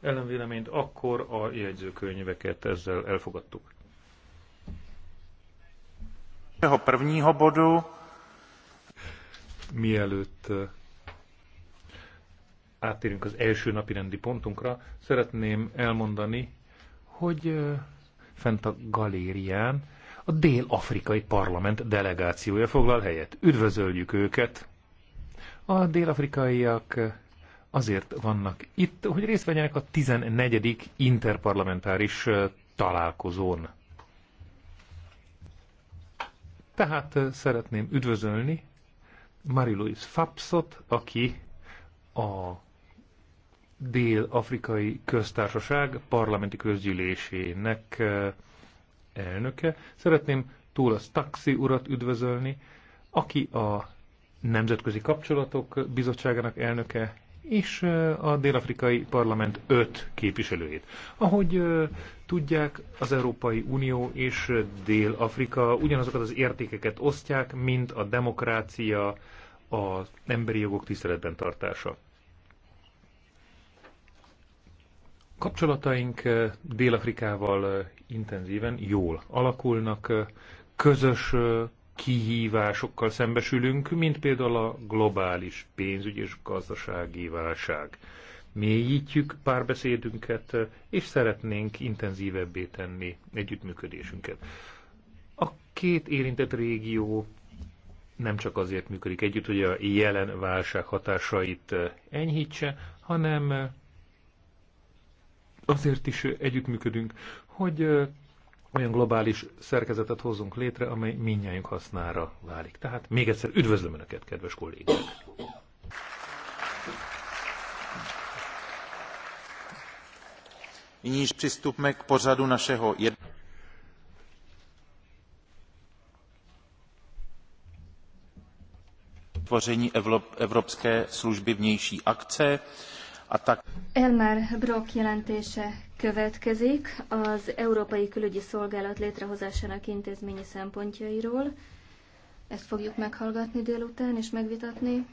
ellenvéleményt, akkor a jegyzőkönyveket ezzel elfogadtuk. A Prvního bodu. Mielőtt eh, áttérünk az első napi rendi pontunkra, szeretném elmondani, hogy eh, fent a galérián a dél-afrikai parlament delegációja foglal helyet. Üdvözöljük őket! A dél-afrikaiak eh, azért vannak itt, hogy részt vegyenek a 14. interparlamentáris találkozón. Tehát szeretném üdvözölni Marie-Louise Fapsot, aki a Dél-Afrikai Köztársaság parlamenti közgyűlésének elnöke. Szeretném Tóla Staxi urat üdvözölni, aki a Nemzetközi Kapcsolatok Bizottságának elnöke, és a dél-afrikai parlament öt képviselőjét. Ahogy tudják, az Európai Unió és Dél-Afrika ugyanazokat az értékeket osztják, mint a demokrácia, az emberi jogok tiszteletben tartása. Kapcsolataink Dél-Afrikával intenzíven jól alakulnak, közös kihívásokkal szembesülünk, mint például a globális pénzügyi és gazdasági válság. Mélyítjük párbeszédünket, és szeretnénk intenzívebbé tenni együttműködésünket. A két érintett régió nem csak azért működik együtt, hogy a jelen válság hatásait enyhítse, hanem azért is együttműködünk, hogy olyan globális szerkezetet hozzunk létre, amely mindnyájunk hasznára válik. Tehát még egyszer üdvözlöm Önöket, kedves kollégák! Nyní již přistupme k pořadu našeho jednání. Tvoření Evropské služby vnější akce. Elmar Brock jelentése következik az Európai Külügyi Szolgálat létrehozásának intézményi szempontjairól. Ezt fogjuk meghallgatni délután és megvitatni.